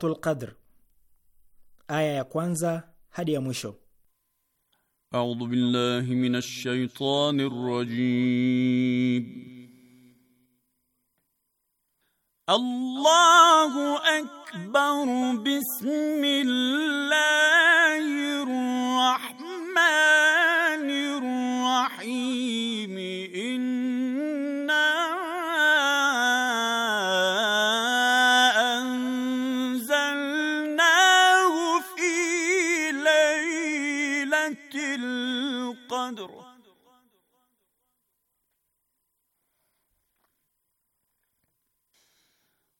Suratul Qadr aya ya kwanza hadi ya mwisho. A'udhu billahi minash shaitanir rajim. Allahu akbar bismillah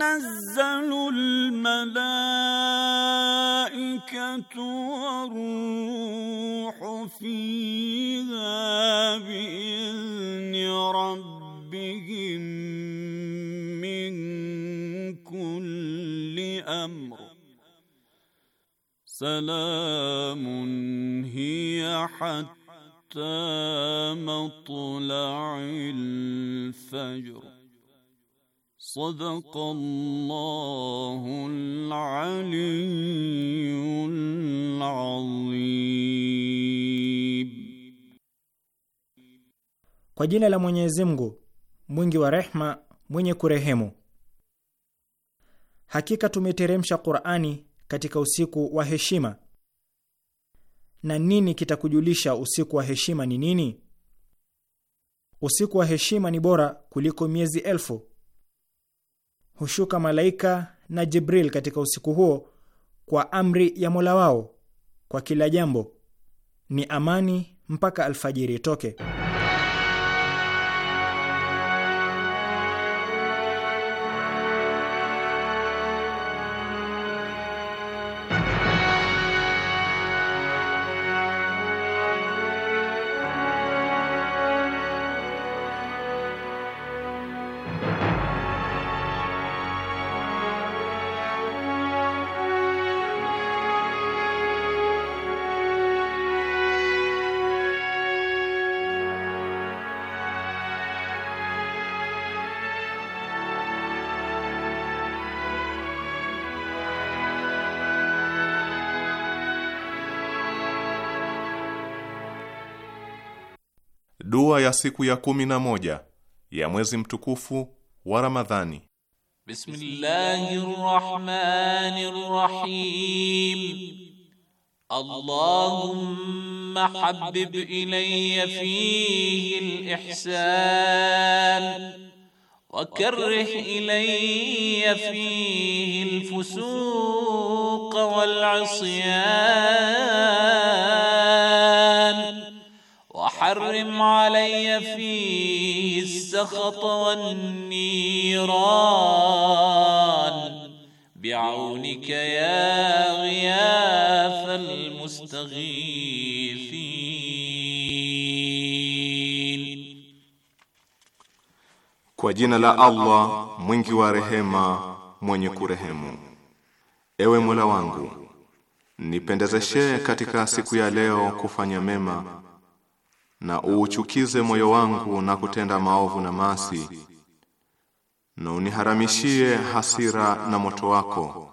تنزل الملائكة والروح فيها بإذن ربهم من كل أمر سلام هي حتى مطلع الفجر Sadaqallahul aliyyul adhim. Kwa jina la Mwenyezi Mungu mwingi wa rehma mwenye kurehemu. Hakika tumeteremsha Qur'ani katika usiku wa heshima. Na nini kitakujulisha usiku wa heshima ni nini? Usiku wa heshima ni bora kuliko miezi elfu hushuka malaika na Jibril katika usiku huo kwa amri ya Mola wao kwa kila jambo. Ni amani mpaka alfajiri itoke. Dua ya siku ya kumi na moja ya mwezi mtukufu wa Ramadhani. Bismillahirrahmanirrahim. Allahumma habbib ilayya fihi al-ihsan wa karrih ilayya fihi al-fusuq wal-'isyan علي في السخط والنيران بعونك يا غياث المستغيثين Kwa jina la Allah mwingi wa rehema mwenye kurehemu Ewe Mola wangu nipendezeshe katika siku ya leo kufanya mema na uuchukize moyo wangu na kutenda maovu na maasi, na uniharamishie hasira na moto wako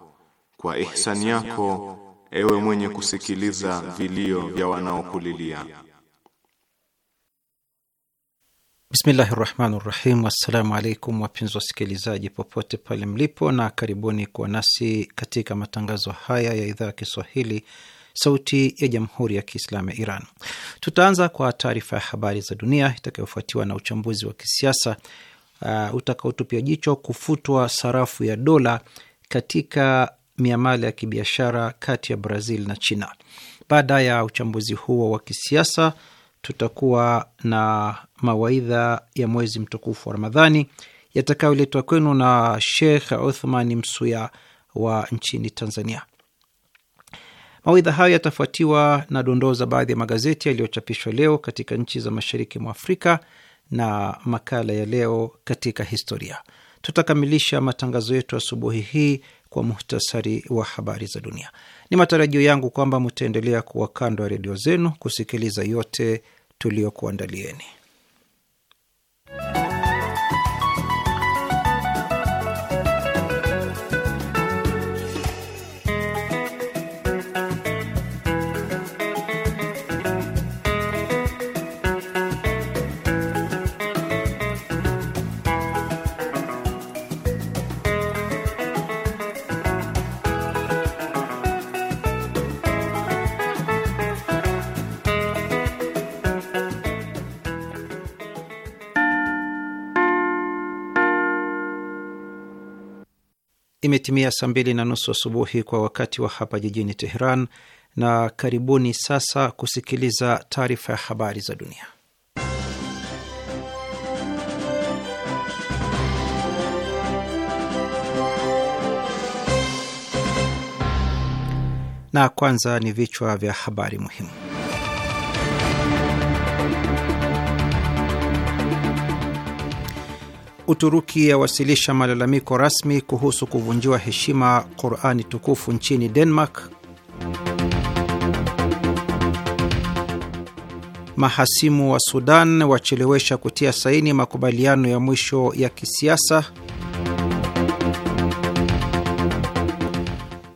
kwa ihsani yako, ewe mwenye kusikiliza vilio vya wanaokulilia. Bismillahi rahmani rahim. Assalamu alaikum wapenzi wasikilizaji popote pale mlipo, na karibuni kuwa nasi katika matangazo haya ya idhaa ya Kiswahili sauti ya jamhuri ya kiislamu ya Iran. Tutaanza kwa taarifa ya habari za dunia itakayofuatiwa na uchambuzi wa kisiasa uh, utakaotupia jicho kufutwa sarafu ya dola katika miamala ya kibiashara kati ya Brazil na China. Baada ya uchambuzi huo wa kisiasa, tutakuwa na mawaidha ya mwezi mtukufu wa Ramadhani yatakayoletwa kwenu na Sheikh Uthmani Msuya wa nchini Tanzania. Mawaidha hayo yatafuatiwa na dondoo za baadhi ya magazeti yaliyochapishwa leo katika nchi za mashariki mwa Afrika na makala ya leo katika historia. Tutakamilisha matangazo yetu asubuhi hii kwa muhtasari wa habari za dunia. Ni matarajio yangu kwamba mtaendelea kuwa kando ya redio zenu kusikiliza yote tuliyokuandalieni. Imetimia saa mbili na nusu asubuhi kwa wakati wa hapa jijini Teheran, na karibuni sasa kusikiliza taarifa ya habari za dunia. Na kwanza ni vichwa vya habari muhimu. Uturuki yawasilisha malalamiko rasmi kuhusu kuvunjiwa heshima Qurani tukufu nchini Denmark. Mahasimu wa Sudan wachelewesha kutia saini makubaliano ya mwisho ya kisiasa.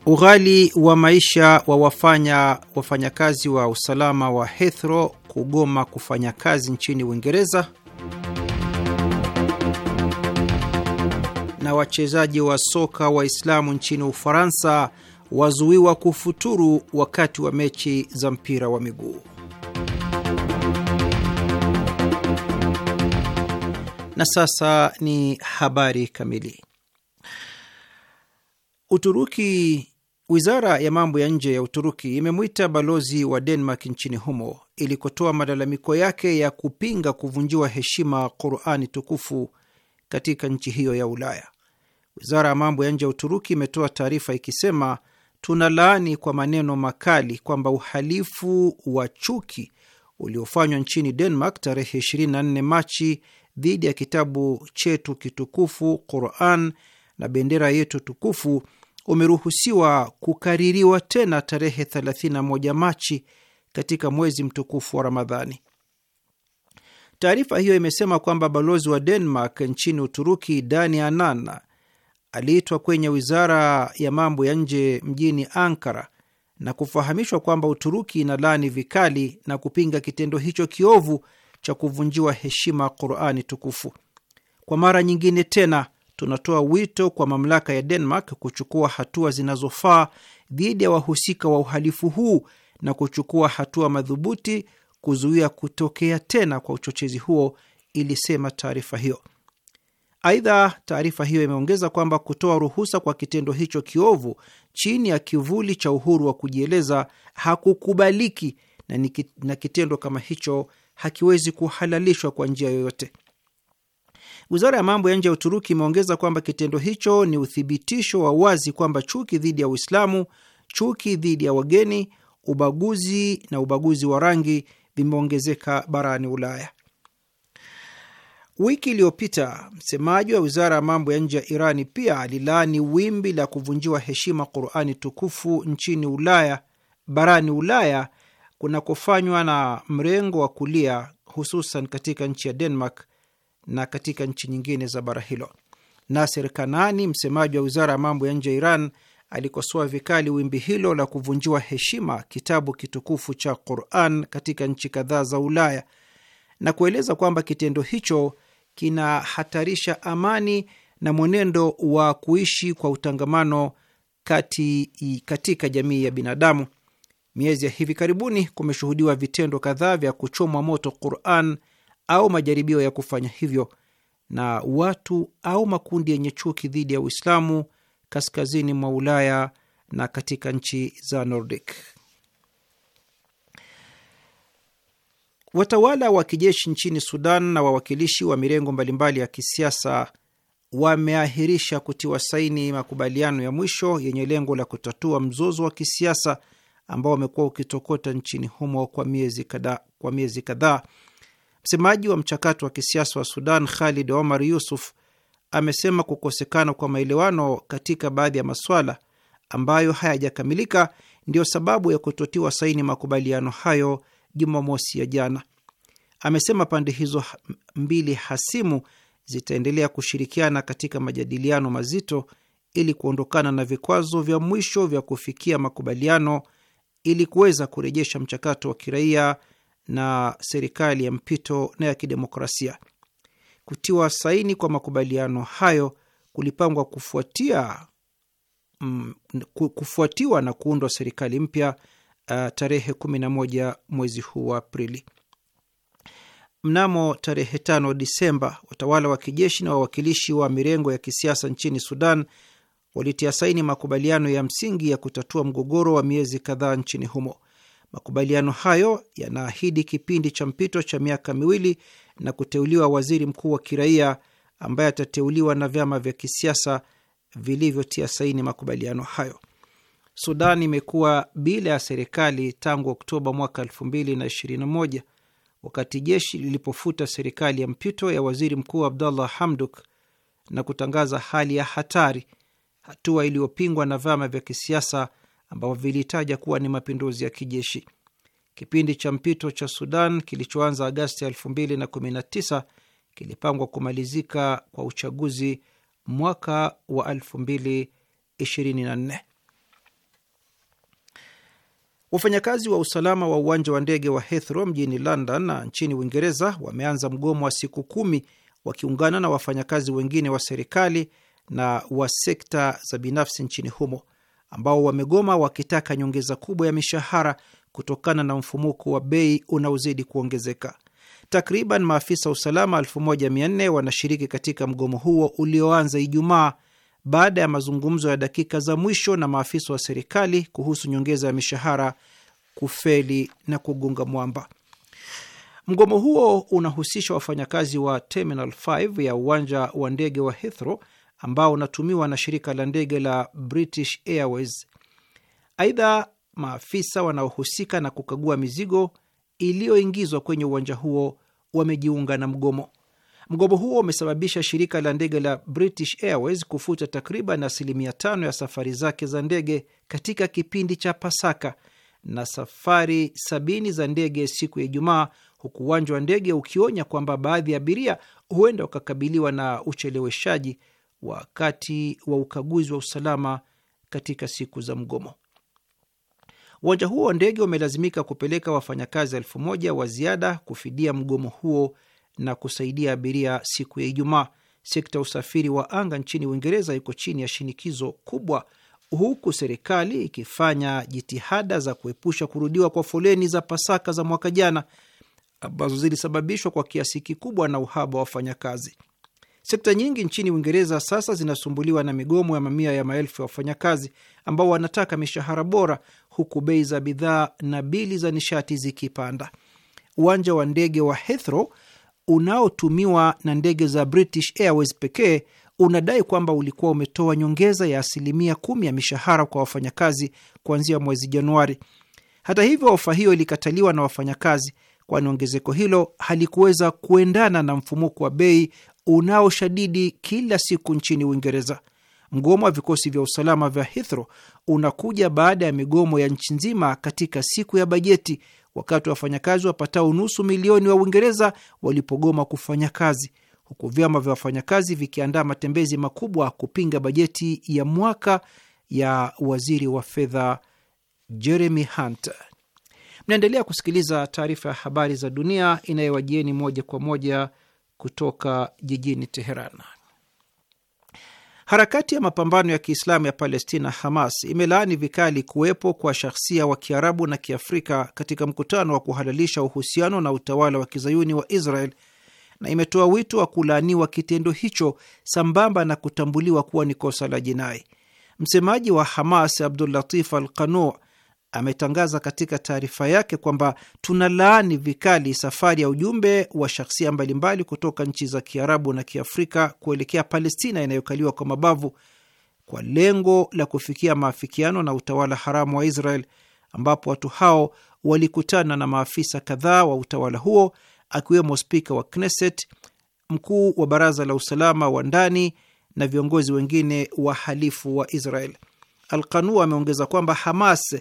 Ughali wa maisha wa wafanya wafanyakazi wa usalama wa Heathrow kugoma kufanya kazi nchini Uingereza. na wachezaji wa soka Waislamu nchini Ufaransa wazuiwa kufuturu wakati wa mechi za mpira wa miguu. Na sasa ni habari kamili. Uturuki. Wizara ya mambo ya nje ya Uturuki imemwita balozi wa Denmark nchini humo ili kutoa malalamiko yake ya kupinga kuvunjiwa heshima Qurani tukufu katika nchi hiyo ya Ulaya. Wizara ya mambo ya nje ya Uturuki imetoa taarifa ikisema, tunalaani kwa maneno makali kwamba uhalifu wa chuki uliofanywa nchini Denmark tarehe 24 Machi dhidi ya kitabu chetu kitukufu Quran na bendera yetu tukufu umeruhusiwa kukaririwa tena tarehe 31 Machi katika mwezi mtukufu wa Ramadhani. Taarifa hiyo imesema kwamba balozi wa Denmark nchini Uturuki, Dani Anana aliitwa kwenye wizara ya mambo ya nje mjini Ankara na kufahamishwa kwamba Uturuki inalaani vikali na kupinga kitendo hicho kiovu cha kuvunjiwa heshima Qurani tukufu. Kwa mara nyingine tena tunatoa wito kwa mamlaka ya Denmark kuchukua hatua zinazofaa dhidi ya wahusika wa uhalifu huu na kuchukua hatua madhubuti kuzuia kutokea tena kwa uchochezi huo, ilisema taarifa hiyo. Aidha, taarifa hiyo imeongeza kwamba kutoa ruhusa kwa kitendo hicho kiovu chini ya kivuli cha uhuru wa kujieleza hakukubaliki na, na kitendo kama hicho hakiwezi kuhalalishwa kwa njia yoyote. Wizara ya mambo ya nje ya Uturuki imeongeza kwamba kitendo hicho ni uthibitisho wa wazi kwamba chuki dhidi ya Uislamu, chuki dhidi ya wageni, ubaguzi na ubaguzi wa rangi vimeongezeka barani Ulaya. Wiki iliyopita msemaji wa wizara ya mambo ya nje ya Irani pia alilaani wimbi la kuvunjiwa heshima Qurani tukufu nchini Ulaya, barani Ulaya kunakofanywa na mrengo wa kulia, hususan katika nchi ya Denmark na katika nchi nyingine za bara hilo. Naser Kanani, msemaji wa wizara ya mambo ya nje ya Iran, alikosoa vikali wimbi hilo la kuvunjiwa heshima kitabu kitukufu cha Quran katika nchi kadhaa za Ulaya na kueleza kwamba kitendo hicho kinahatarisha amani na mwenendo wa kuishi kwa utangamano kati katika jamii ya binadamu. Miezi ya hivi karibuni kumeshuhudiwa vitendo kadhaa vya kuchomwa moto Quran au majaribio ya kufanya hivyo na watu au makundi yenye chuki dhidi ya Uislamu kaskazini mwa Ulaya na katika nchi za Nordic. Watawala wa kijeshi nchini Sudan na wawakilishi wa mirengo mbalimbali ya kisiasa wameahirisha kutiwa saini makubaliano ya mwisho yenye lengo la kutatua mzozo wa kisiasa ambao wamekuwa ukitokota nchini humo kwa miezi kadhaa kwa miezi kadhaa. Msemaji wa mchakato wa kisiasa wa Sudan, Khalid Omar Yusuf, amesema kukosekana kwa maelewano katika baadhi ya maswala ambayo hayajakamilika ndiyo sababu ya kutotiwa saini makubaliano hayo Jumamosi ya jana. Amesema pande hizo mbili hasimu zitaendelea kushirikiana katika majadiliano mazito ili kuondokana na vikwazo vya mwisho vya kufikia makubaliano ili kuweza kurejesha mchakato wa kiraia na serikali ya mpito na ya kidemokrasia. Kutiwa saini kwa makubaliano hayo kulipangwa kufuatia, mm, kufuatiwa na kuundwa serikali mpya uh, tarehe 11 mwezi huu wa Aprili. Mnamo tarehe 5 Disemba, watawala wa kijeshi na wawakilishi wa mirengo ya kisiasa nchini Sudan walitia saini makubaliano ya msingi ya kutatua mgogoro wa miezi kadhaa nchini humo. Makubaliano hayo yanaahidi kipindi cha mpito cha miaka miwili na kuteuliwa waziri mkuu wa kiraia ambaye atateuliwa na vyama vya kisiasa vilivyotia saini makubaliano hayo. Sudan imekuwa bila ya serikali tangu Oktoba mwaka 2021 wakati jeshi lilipofuta serikali ya mpito ya waziri mkuu abdullah Hamduk na kutangaza hali ya hatari, hatua iliyopingwa na vyama vya kisiasa ambavyo vilitaja kuwa ni mapinduzi ya kijeshi. Kipindi cha mpito cha Sudan kilichoanza Agasti 2019 kilipangwa kumalizika kwa uchaguzi mwaka wa 2024. Wafanyakazi wa usalama wa uwanja wa ndege wa Heathrow mjini London na nchini Uingereza wameanza mgomo wa siku kumi wakiungana na wafanyakazi wengine wa serikali na wa sekta za binafsi nchini humo ambao wamegoma wakitaka nyongeza kubwa ya mishahara kutokana na mfumuko wa bei unaozidi kuongezeka. Takriban maafisa usalama 1400 wanashiriki katika mgomo huo ulioanza Ijumaa baada ya mazungumzo ya dakika za mwisho na maafisa wa serikali kuhusu nyongeza ya mishahara kufeli na kugonga mwamba. Mgomo huo unahusisha wafanyakazi wa Terminal 5 ya uwanja wa ndege wa Heathrow ambao unatumiwa na shirika la ndege la British Airways. Aidha, maafisa wanaohusika na kukagua mizigo iliyoingizwa kwenye uwanja huo wamejiunga na mgomo. Mgomo huo umesababisha shirika la ndege la British Airways kufuta takriban asilimia tano ya safari zake za ndege katika kipindi cha Pasaka na safari sabini za ndege siku ya Ijumaa, huku uwanja wa ndege ukionya kwamba baadhi ya abiria huenda wakakabiliwa na ucheleweshaji wakati wa ukaguzi wa usalama katika siku za mgomo. Uwanja huo wa ndege umelazimika kupeleka wafanyakazi elfu moja wa ziada kufidia mgomo huo na kusaidia abiria siku ya Ijumaa. Sekta ya usafiri wa anga nchini Uingereza iko chini ya shinikizo kubwa, huku serikali ikifanya jitihada za kuepusha kurudiwa kwa foleni za Pasaka za mwaka jana ambazo zilisababishwa kwa kiasi kikubwa na uhaba wa wafanyakazi. Sekta nyingi nchini Uingereza sasa zinasumbuliwa na migomo ya mamia ya maelfu ya wafanyakazi ambao wanataka mishahara bora, huku bei za bidhaa na bili za nishati zikipanda. Uwanja wa ndege wa Heathrow unaotumiwa na ndege za British Airways pekee unadai kwamba ulikuwa umetoa nyongeza ya asilimia kumi ya mishahara kwa wafanyakazi kuanzia mwezi Januari. Hata hivyo, ofa hiyo ilikataliwa na wafanyakazi, kwani ongezeko hilo halikuweza kuendana na mfumuko wa bei unaoshadidi kila siku nchini Uingereza. Mgomo wa vikosi vya usalama vya Heathrow unakuja baada ya migomo ya nchi nzima katika siku ya bajeti, wakati wa wafanyakazi wapatao nusu milioni wa Uingereza walipogoma kufanya kazi, huku vyama vya wafanyakazi vikiandaa matembezi makubwa kupinga bajeti ya mwaka ya waziri wa fedha Jeremy Hunt. Mnaendelea kusikiliza taarifa ya habari za dunia inayowajieni moja kwa moja kutoka jijini Teheran. Harakati ya mapambano ya Kiislamu ya Palestina, Hamas, imelaani vikali kuwepo kwa shahsia wa Kiarabu na Kiafrika katika mkutano wa kuhalalisha uhusiano na utawala wa kizayuni wa Israel na imetoa wito wa kulaaniwa kitendo hicho sambamba na kutambuliwa kuwa ni kosa la jinai. Msemaji wa Hamas Abdul Latif Al Qanu ametangaza katika taarifa yake kwamba tunalaani vikali safari ya ujumbe wa shahsia mbalimbali kutoka nchi za Kiarabu na Kiafrika kuelekea Palestina inayokaliwa kwa mabavu kwa lengo la kufikia maafikiano na utawala haramu wa Israel, ambapo watu hao walikutana na maafisa kadhaa wa utawala huo akiwemo spika wa Knesset, mkuu wa baraza la usalama wa ndani na viongozi wengine wahalifu wa Israel. Alqanua ameongeza kwamba Hamas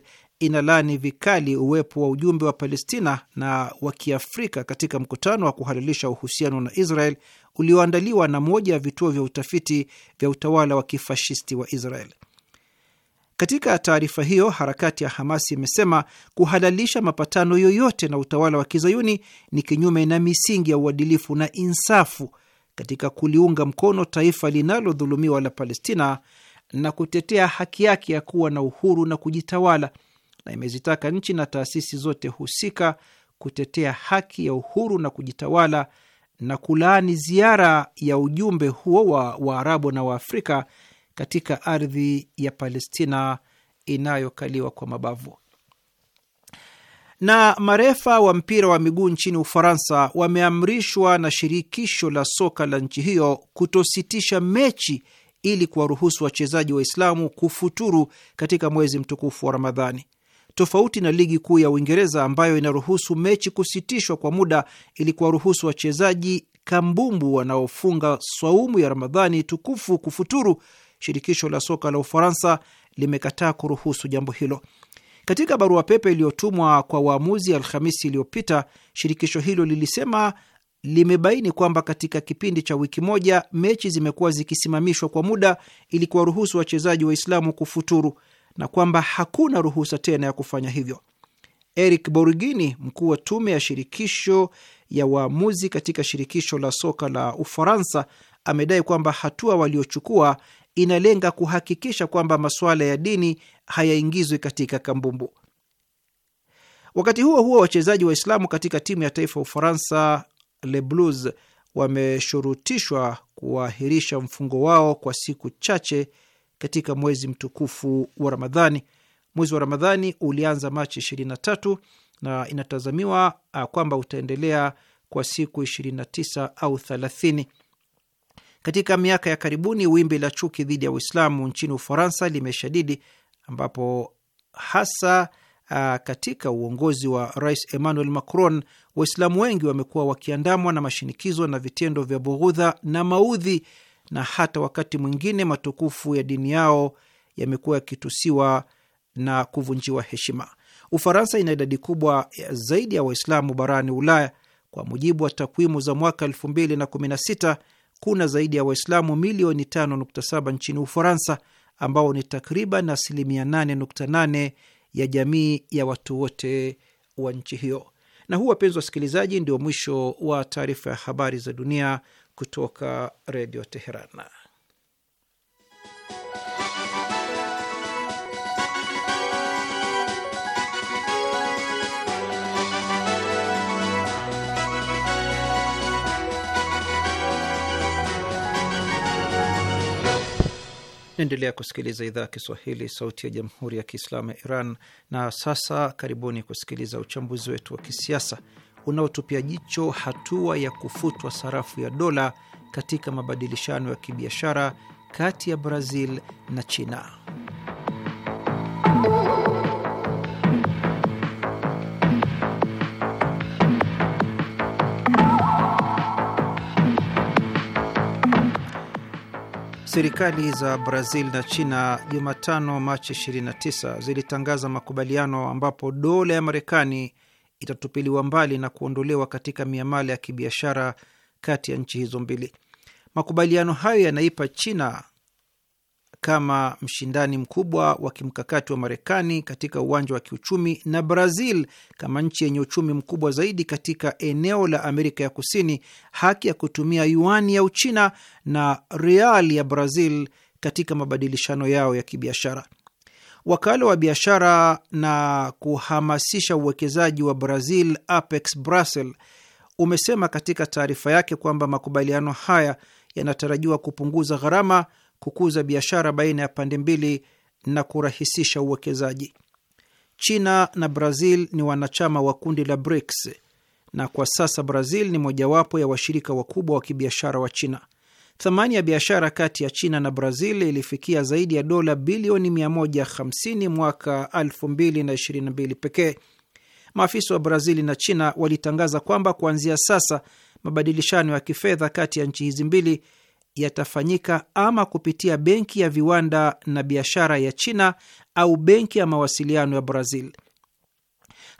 inalani vikali uwepo wa ujumbe wa Palestina na wa Kiafrika katika mkutano wa kuhalalisha uhusiano na Israel ulioandaliwa na moja ya vituo vya utafiti vya utawala wa kifashisti wa Israel. Katika taarifa hiyo, harakati ya Hamas imesema kuhalalisha mapatano yoyote na utawala wa kizayuni ni kinyume na misingi ya uadilifu na insafu katika kuliunga mkono taifa linalodhulumiwa la Palestina na kutetea haki yake ya kuwa na uhuru na kujitawala na imezitaka nchi na taasisi zote husika kutetea haki ya uhuru na kujitawala na kulaani ziara ya ujumbe huo wa Waarabu na Waafrika katika ardhi ya Palestina inayokaliwa kwa mabavu. Na marefa wa mpira wa miguu nchini Ufaransa wameamrishwa na shirikisho la soka la nchi hiyo kutositisha mechi ili kuwaruhusu wachezaji Waislamu kufuturu katika mwezi mtukufu wa Ramadhani tofauti na ligi kuu ya Uingereza ambayo inaruhusu mechi kusitishwa kwa muda ili kuwaruhusu wachezaji kambumbu wanaofunga swaumu ya Ramadhani tukufu kufuturu. Shirikisho la soka la Ufaransa limekataa kuruhusu jambo hilo. Katika barua pepe iliyotumwa kwa waamuzi Alhamisi iliyopita, shirikisho hilo lilisema limebaini kwamba katika kipindi cha wiki moja mechi zimekuwa zikisimamishwa kwa muda ili kuwaruhusu wachezaji Waislamu kufuturu na kwamba hakuna ruhusa tena ya kufanya hivyo. Eric Borgini, mkuu wa tume ya shirikisho ya waamuzi katika shirikisho la soka la Ufaransa, amedai kwamba hatua waliochukua inalenga kuhakikisha kwamba masuala ya dini hayaingizwi katika kambumbu. Wakati huo huo, wachezaji Waislamu katika timu ya taifa ya Ufaransa Le Blues wameshurutishwa kuahirisha mfungo wao kwa siku chache katika mwezi mtukufu wa Ramadhani. Mwezi wa Ramadhani ulianza Machi 23 na inatazamiwa uh, kwamba utaendelea kwa siku 29 au 30. Katika miaka ya karibuni wimbi la chuki dhidi ya Uislamu nchini Ufaransa limeshadidi ambapo hasa uh, katika uongozi wa Rais Emmanuel Macron, Waislamu wengi wamekuwa wakiandamwa na mashinikizo na vitendo vya bughudha na maudhi na hata wakati mwingine matukufu ya dini yao yamekuwa yakitusiwa na kuvunjiwa heshima. Ufaransa ina idadi kubwa zaidi ya Waislamu barani Ulaya. Kwa mujibu wa takwimu za mwaka 2016 kuna zaidi ya Waislamu milioni 5.7 nchini Ufaransa, ambao ni takriban asilimia 8.8 ya jamii ya watu wote wa nchi hiyo. Na huu, wapenzi wasikilizaji, ndio mwisho wa taarifa ya habari za dunia kutoka Redio Teheran. Naendelea kusikiliza idhaa ya Kiswahili, sauti ya jamhuri ya kiislamu ya Iran. Na sasa karibuni kusikiliza uchambuzi wetu wa kisiasa unaotupia jicho hatua ya kufutwa sarafu ya dola katika mabadilishano ya kibiashara kati ya Brazil na China. Serikali za Brazil na China Jumatano, Machi 29 zilitangaza makubaliano ambapo dola ya Marekani itatupiliwa mbali na kuondolewa katika miamala ya kibiashara kati ya nchi hizo mbili. Makubaliano hayo yanaipa China kama mshindani mkubwa wa kimkakati wa Marekani katika uwanja wa kiuchumi na Brazil kama nchi yenye uchumi mkubwa zaidi katika eneo la Amerika ya Kusini haki ya kutumia yuani ya Uchina na real ya Brazil katika mabadilishano yao ya kibiashara. Wakala wa biashara na kuhamasisha uwekezaji wa Brazil, Apex Brussel umesema katika taarifa yake kwamba makubaliano haya yanatarajiwa kupunguza gharama, kukuza biashara baina ya pande mbili na kurahisisha uwekezaji. China na Brazil ni wanachama wa kundi la BRICS, na kwa sasa Brazil ni mojawapo ya washirika wakubwa wa kibiashara wa China. Thamani ya biashara kati ya China na Brazil ilifikia zaidi ya dola bilioni 150 mwaka 2022 pekee. Maafisa wa Brazil na China walitangaza kwamba kuanzia sasa mabadilishano ya kifedha kati ya nchi hizi mbili yatafanyika ama kupitia benki ya viwanda na biashara ya China au benki ya mawasiliano ya Brazil.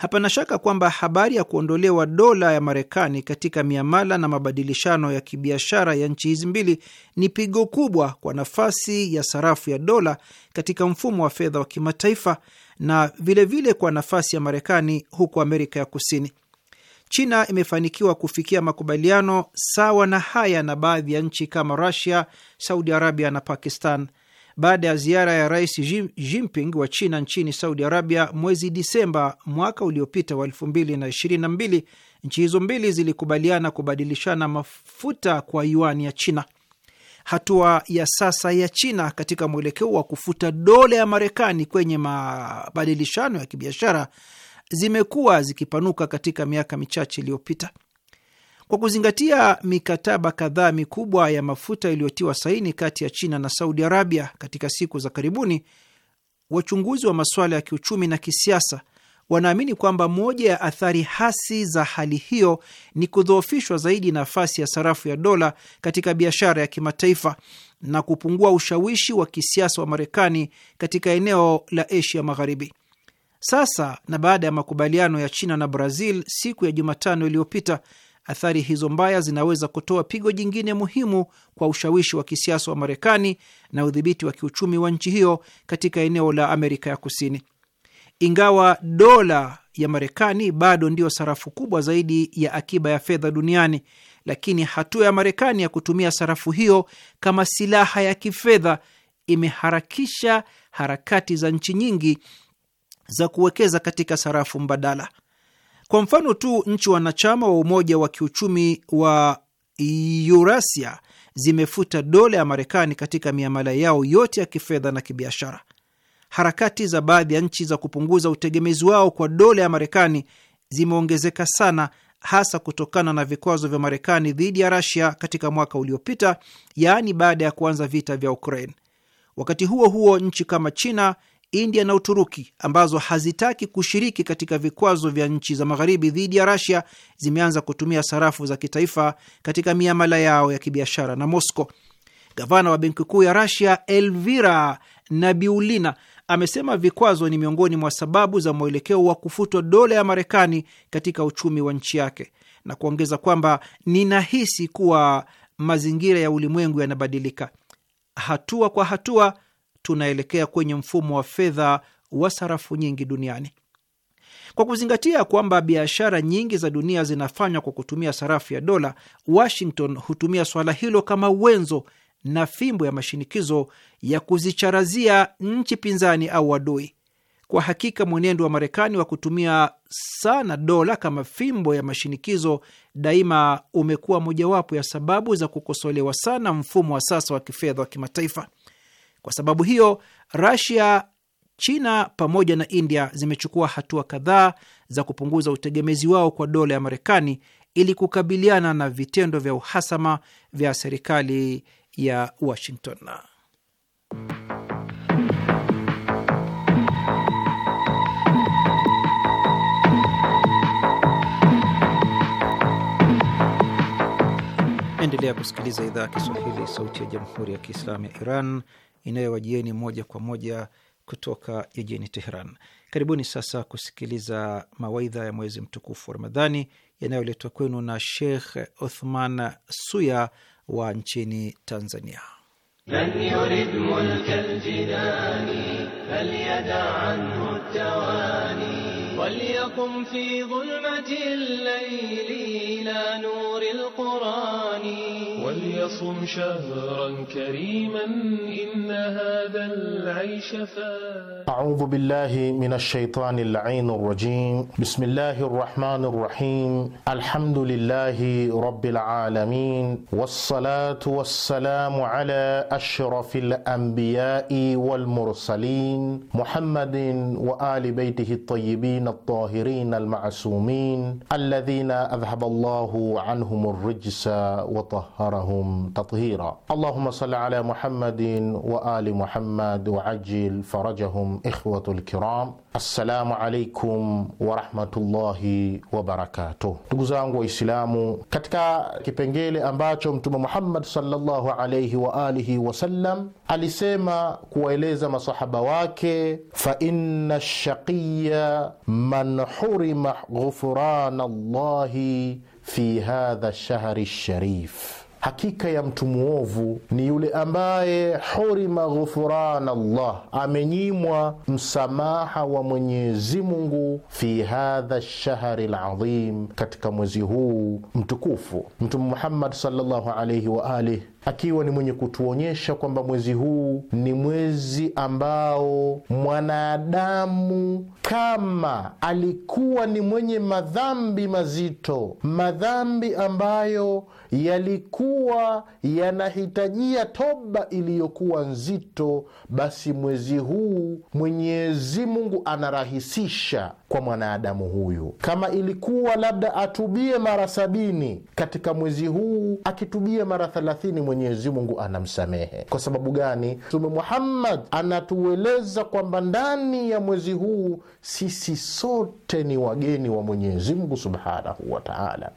Hapana shaka kwamba habari ya kuondolewa dola ya Marekani katika miamala na mabadilishano ya kibiashara ya nchi hizi mbili ni pigo kubwa kwa nafasi ya sarafu ya dola katika mfumo wa fedha wa kimataifa na vilevile vile kwa nafasi ya Marekani huko Amerika ya Kusini. China imefanikiwa kufikia makubaliano sawa na haya na baadhi ya nchi kama Rusia, Saudi Arabia na Pakistan baada ya ziara ya Rais Jinping wa China nchini Saudi Arabia mwezi Disemba mwaka uliopita wa 2022, nchi hizo mbili zilikubaliana kubadilishana mafuta kwa yuani ya China. Hatua ya sasa ya China katika mwelekeo wa kufuta dola ya Marekani kwenye mabadilishano ya kibiashara zimekuwa zikipanuka katika miaka michache iliyopita. Kwa kuzingatia mikataba kadhaa mikubwa ya mafuta iliyotiwa saini kati ya China na Saudi Arabia katika siku za karibuni, wachunguzi wa masuala ya kiuchumi na kisiasa wanaamini kwamba moja ya athari hasi za hali hiyo ni kudhoofishwa zaidi nafasi ya sarafu ya dola katika biashara ya kimataifa na kupungua ushawishi wa kisiasa wa Marekani katika eneo la Asia Magharibi. Sasa na baada ya makubaliano ya China na Brazil siku ya Jumatano iliyopita Athari hizo mbaya zinaweza kutoa pigo jingine muhimu kwa ushawishi wa kisiasa wa Marekani na udhibiti wa kiuchumi wa nchi hiyo katika eneo la Amerika ya Kusini. Ingawa dola ya Marekani bado ndiyo sarafu kubwa zaidi ya akiba ya fedha duniani, lakini hatua ya Marekani ya kutumia sarafu hiyo kama silaha ya kifedha imeharakisha harakati za nchi nyingi za kuwekeza katika sarafu mbadala. Kwa mfano tu, nchi wanachama wa Umoja wa Kiuchumi wa urasia zimefuta dola ya Marekani katika miamala yao yote ya kifedha na kibiashara. Harakati za baadhi ya nchi za kupunguza utegemezi wao kwa dola ya Marekani zimeongezeka sana, hasa kutokana na vikwazo vya Marekani dhidi ya Rasia katika mwaka uliopita, yaani baada ya kuanza vita vya Ukraine. Wakati huo huo, nchi kama China, India na Uturuki ambazo hazitaki kushiriki katika vikwazo vya nchi za magharibi dhidi ya Rasia zimeanza kutumia sarafu za kitaifa katika miamala yao ya kibiashara na Moscow. Gavana wa benki kuu ya Rasia Elvira Nabiulina amesema vikwazo ni miongoni mwa sababu za mwelekeo wa kufutwa dola ya Marekani katika uchumi wa nchi yake na kuongeza kwamba ninahisi kuwa mazingira ya ulimwengu yanabadilika hatua kwa hatua tunaelekea kwenye mfumo wa fedha wa sarafu nyingi duniani. Kwa kuzingatia kwamba biashara nyingi za dunia zinafanywa kwa kutumia sarafu ya dola, Washington hutumia swala hilo kama wenzo na fimbo ya mashinikizo ya kuzicharazia nchi pinzani au adui. Kwa hakika mwenendo wa Marekani wa kutumia sana dola kama fimbo ya mashinikizo daima umekuwa mojawapo ya sababu za kukosolewa sana mfumo wa sasa wa kifedha wa kimataifa. Kwa sababu hiyo, Rasia, China pamoja na India zimechukua hatua kadhaa za kupunguza utegemezi wao kwa dola ya Marekani ili kukabiliana na vitendo vya uhasama vya serikali ya Washington. Endelea kusikiliza idhaa ya Kiswahili, sauti ya jamhuri ya kiislamu ya Iran inayowajieni moja kwa moja kutoka jijini Teheran. Karibuni sasa kusikiliza mawaidha ya mwezi mtukufu wa Ramadhani yanayoletwa kwenu na Sheikh Uthman Suya wa nchini Tanzania. Man yurid mulka aljinani, falyada anhu نقم في ظلمة الليل إلى نور القرآن وليصم شهرا كريما إن هذا العيش ف أعوذ بالله من الشيطان اللعين الرجيم بسم الله الرحمن الرحيم الحمد لله رب العالمين والصلاة والسلام على أشرف الأنبياء والمرسلين محمد وآل بيته الطيبين الطاهرين الطاهرين المعصومين الذين أذهب الله عنهم الرجس وطهرهم تطهيرا اللهم صل على محمد وآل محمد وعجل فرجهم إخوة الكرام Assalamu alaikum warahmatullahi wabarakatuh. Ndugu zangu Waislamu, katika kipengele ambacho Mtume Muhammad sallallahu alaihi wa alihi wasallam alisema kuwaeleza masahaba wake, fa inna shaqiya man hurima ghufrana llahi fi hadha lshahri lsharif Hakika ya mtu mwovu ni yule ambaye hurima ghufurana llah amenyimwa msamaha wa Mwenyezi Mungu fi hadha lshahri ladhim, katika mwezi huu mtukufu. Mtume Muhammad sallallahu alaihi wa alihi akiwa ni mwenye kutuonyesha kwamba mwezi huu ni mwezi ambao mwanadamu kama alikuwa ni mwenye madhambi mazito, madhambi ambayo yalikuwa yanahitajia toba iliyokuwa nzito, basi mwezi huu Mwenyezi Mungu anarahisisha kwa mwanadamu huyu. Kama ilikuwa labda atubie mara sabini katika mwezi huu, akitubia mara thelathini, Mwenyezi Mungu anamsamehe. Kwa sababu gani? Mtume Muhammad anatueleza kwamba ndani ya mwezi huu sisi sote ni wageni wa Mwenyezi Mungu subhanahu wa taala,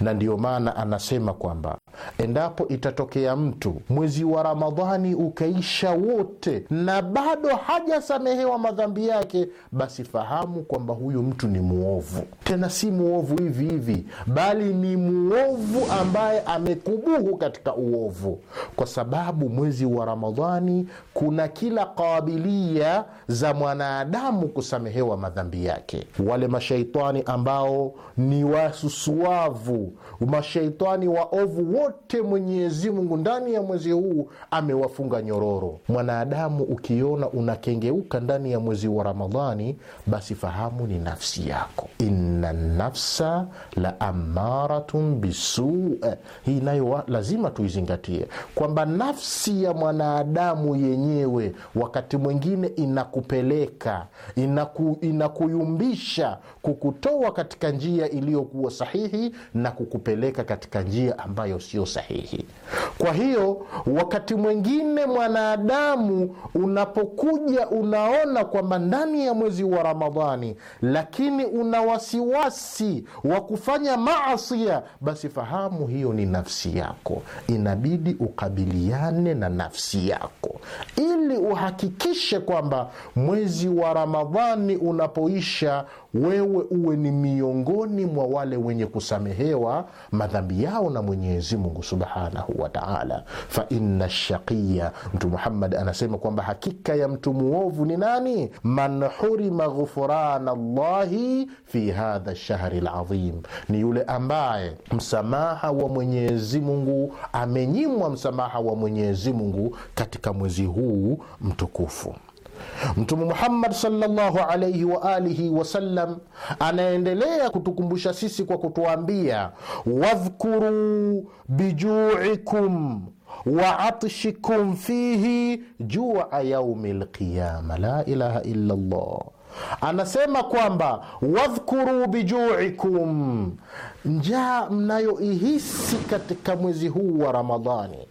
na ndiyo maana anasema kwamba Endapo itatokea mtu mwezi wa Ramadhani ukaisha wote na bado hajasamehewa madhambi yake, basi fahamu kwamba huyu mtu ni muovu. Tena si muovu hivi hivi, bali ni muovu ambaye amekubuhu katika uovu, kwa sababu mwezi wa Ramadhani kuna kila kabilia za mwanadamu kusamehewa madhambi yake. Wale mashaitani ambao ni wasusuavu, mashaitani waovu wote Mwenyezi Mungu ndani ya mwezi huu amewafunga nyororo. Mwanadamu ukiona unakengeuka ndani ya mwezi wa Ramadhani, basi fahamu ni nafsi yako. Inna nafsa la amaratun bisu, hii nayo lazima tuizingatie kwamba nafsi ya mwanadamu yenyewe wakati mwingine inakupeleka inaku, inakuyumbisha kukutoa katika njia iliyokuwa sahihi na kukupeleka katika njia ambayo sio sahihi. Kwa hiyo wakati mwingine mwanadamu unapokuja unaona kwamba ndani ya mwezi wa Ramadhani, lakini una wasiwasi wa kufanya maasia, basi fahamu hiyo ni nafsi yako, inabidi ukabiliane na nafsi yako ili uhakikishe kwamba mwezi wa Ramadhani unapoisha wewe uwe ni miongoni mwa wale wenye kusamehewa madhambi yao na Mwenyezi Mungu subhanahu wataala taala. Fa inna shaqiya, Mtu Muhammad anasema kwamba hakika ya mtu muovu ni nani? Man hurima ghufurana llahi fi hadha lshahri ladhim, ni yule ambaye msamaha wa Mwenyezi Mungu amenyimwa, msamaha wa Mwenyezi Mungu katika mwezi huu mtukufu. Mtume Muhammad sallallahu alaihi wa alihi wasallam anaendelea kutukumbusha sisi kwa kutuambia, wadhkuruu bijuikum wa atshikum fihi jua yaumi lqiyama. La ilaha illa Allah. Anasema kwamba wadhkuruu bijuikum, njaa mnayoihisi katika mwezi huu wa Ramadhani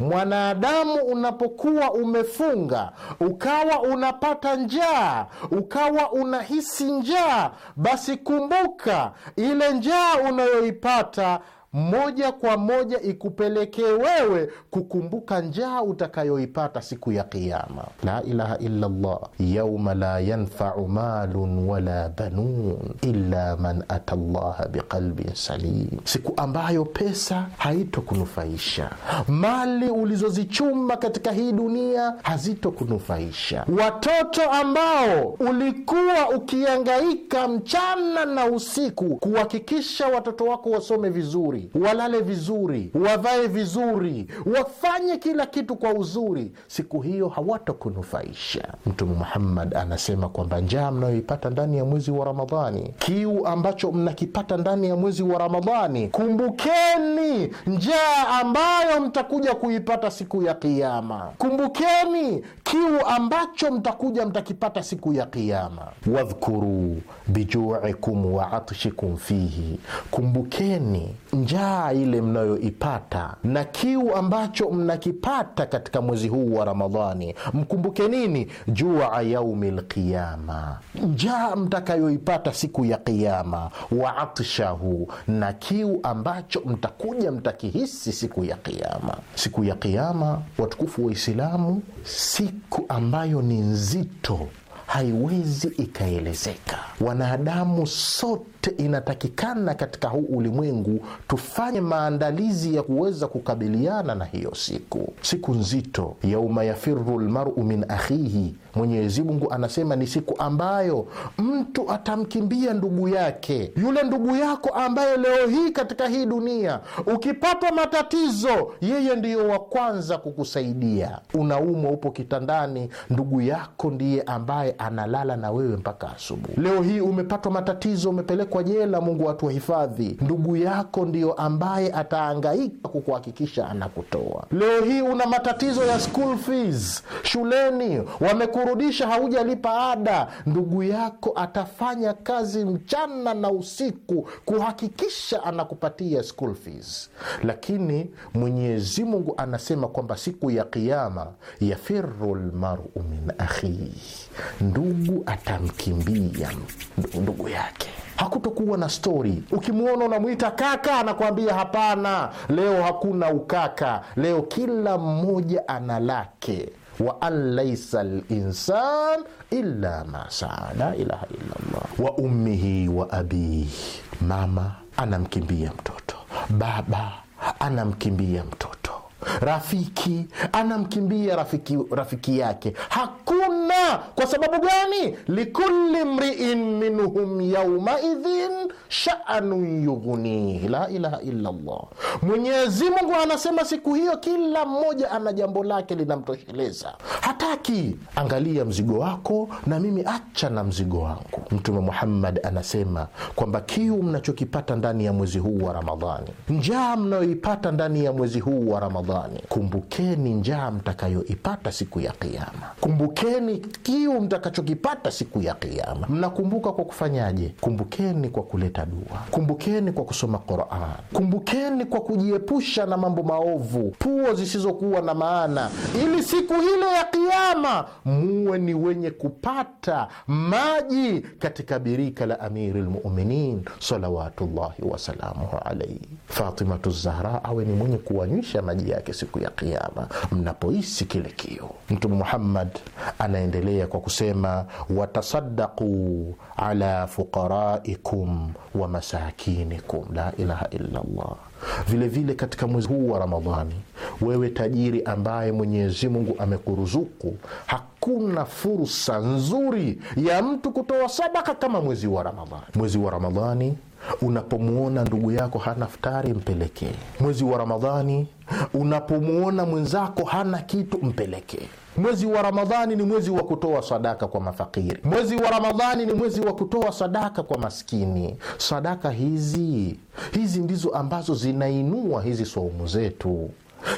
Mwanadamu unapokuwa umefunga ukawa unapata njaa, ukawa unahisi njaa, basi kumbuka ile njaa unayoipata moja kwa moja ikupelekee wewe kukumbuka njaa utakayoipata siku ya qiama La ilaha illa llah yauma la yanfau malun wala banun illa man ata llaha biqalbin salim, siku ambayo pesa haitokunufaisha, mali ulizozichuma katika hii dunia hazitokunufaisha, watoto ambao ulikuwa ukiangaika mchana na usiku kuhakikisha watoto wako wasome vizuri walale vizuri, wavae vizuri, wafanye kila kitu kwa uzuri, siku hiyo hawatakunufaisha. Mtume Muhammad anasema kwamba njaa mnayoipata ndani ya mwezi wa Ramadhani, kiu ambacho mnakipata ndani ya mwezi wa Ramadhani, kumbukeni njaa ambayo mtakuja kuipata siku ya kiama Kumbukeni kiu ambacho mtakuja mtakipata siku ya kiama wadhkuru bijuikum wa atshikum fihi, kumbukeni njaa ile mnayoipata na kiu ambacho mnakipata katika mwezi huu wa Ramadhani, mkumbuke nini? Jua yaumi lqiyama, njaa mtakayoipata siku ya Kiyama, wa atshahu, na kiu ambacho mtakuja mtakihisi siku ya Kiyama. Siku ya Kiyama, watukufu Waislamu, siku ambayo ni nzito haiwezi ikaelezeka. Wanadamu sote inatakikana katika huu ulimwengu tufanye maandalizi ya kuweza kukabiliana na hiyo siku, siku nzito, yauma yafiru lmaru min akhihi Mwenyezi Mungu anasema ni siku ambayo mtu atamkimbia ndugu yake, yule ndugu yako ambaye leo hii katika hii dunia ukipata matatizo, yeye ndiyo wa kwanza kukusaidia. Unaumwa, upo kitandani, ndugu yako ndiye ambaye analala na wewe mpaka asubuhi. Leo hii umepatwa matatizo, umepelekwa jela, Mungu atuhifadhi, ndugu yako ndiyo ambaye ataangaika kukuhakikisha anakutoa. Leo hii una matatizo ya school fees shuleni, wameku kukurudisha, haujalipa ada. Ndugu yako atafanya kazi mchana na usiku kuhakikisha anakupatia school fees, lakini Mwenyezi Mungu anasema kwamba siku ya qiama yafiru lmaru min akhihi, ndugu atamkimbia ndugu yake hakutokuwa na stori. Ukimwona unamwita kaka, anakuambia hapana, leo hakuna ukaka, leo kila mmoja ana lake wa an laisa linsan illa ma saa, la ilaha illallah. Wa ummihi wa abihi, mama anamkimbia mtoto, baba anamkimbia mtoto rafiki anamkimbia rafiki, rafiki yake hakuna kwa sababu gani likuli mriin minhum yaumaidhin shanun yughnihi la ilaha illallah mwenyezi mungu anasema siku hiyo kila mmoja ana jambo lake linamtosheleza hataki angalia mzigo wako na mimi acha na mzigo wangu mtume muhammad anasema kwamba kiu mnachokipata ndani ya mwezi huu wa ramadhani njaa mnayoipata ndani ya mwezi huu wa ramadhani Ramadhani, kumbukeni njaa mtakayoipata siku ya Kiama, kumbukeni kiu mtakachokipata siku ya Kiama. Mnakumbuka kwa kufanyaje? Kumbukeni kwa kuleta dua, kumbukeni kwa kusoma Quran, kumbukeni kwa kujiepusha na mambo maovu, puo zisizokuwa na maana, ili siku hile ya Kiama muwe ni wenye kupata maji katika birika la Amiri lmuminin salawatullahi wasalamuhu alaihi. Fatimatu Zahra awe ni mwenye kuwanywisha maji yake yake siku ya kiama mnapoisi kile kio Mtume Muhammad anaendelea kwa kusema watasaddaqu ala fuqaraikum wa masakinikum, la ilaha illa Allah. Vilevile vile katika mwezi huu wa Ramadhani, wewe tajiri ambaye Mwenyezi Mungu amekuruzuku, hakuna fursa nzuri ya mtu kutoa sadaka kama mwezi wa Ramadhani. Mwezi wa Ramadhani Unapomwona ndugu yako hana futari, mpelekee. Mwezi wa Ramadhani, unapomwona mwenzako hana kitu, mpelekee. Mwezi wa Ramadhani ni mwezi wa kutoa sadaka kwa mafakiri. Mwezi wa Ramadhani ni mwezi wa kutoa sadaka kwa maskini. Sadaka hizi hizi ndizo ambazo zinainua hizi saumu zetu.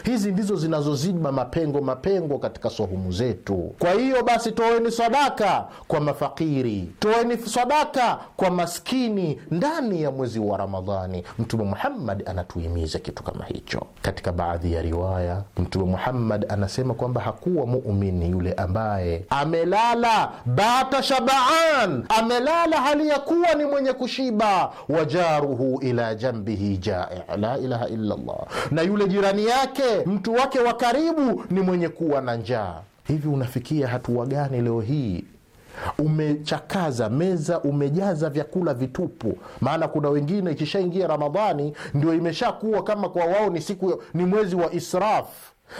Hizi ndizo zinazoziba mapengo mapengo katika sohumu zetu. Kwa hiyo basi, toeni sadaka kwa mafakiri, toeni sadaka kwa maskini ndani ya mwezi wa Ramadhani. Mtume Muhammad anatuhimiza kitu kama hicho. Katika baadhi ya riwaya, Mtume Muhammad anasema kwamba hakuwa muumini yule ambaye amelala bata shabaan, amelala hali ya kuwa ni mwenye kushiba, wajaruhu ila jambihi jai, la ilaha na yule jirani yake wake, mtu wake wa karibu ni mwenye kuwa na njaa. Hivi unafikia hatua gani leo hii? Umechakaza meza, umejaza vyakula vitupu. Maana kuna wengine ikishaingia Ramadhani ndio imeshakuwa kama kwa wao ni siku, ni mwezi wa israf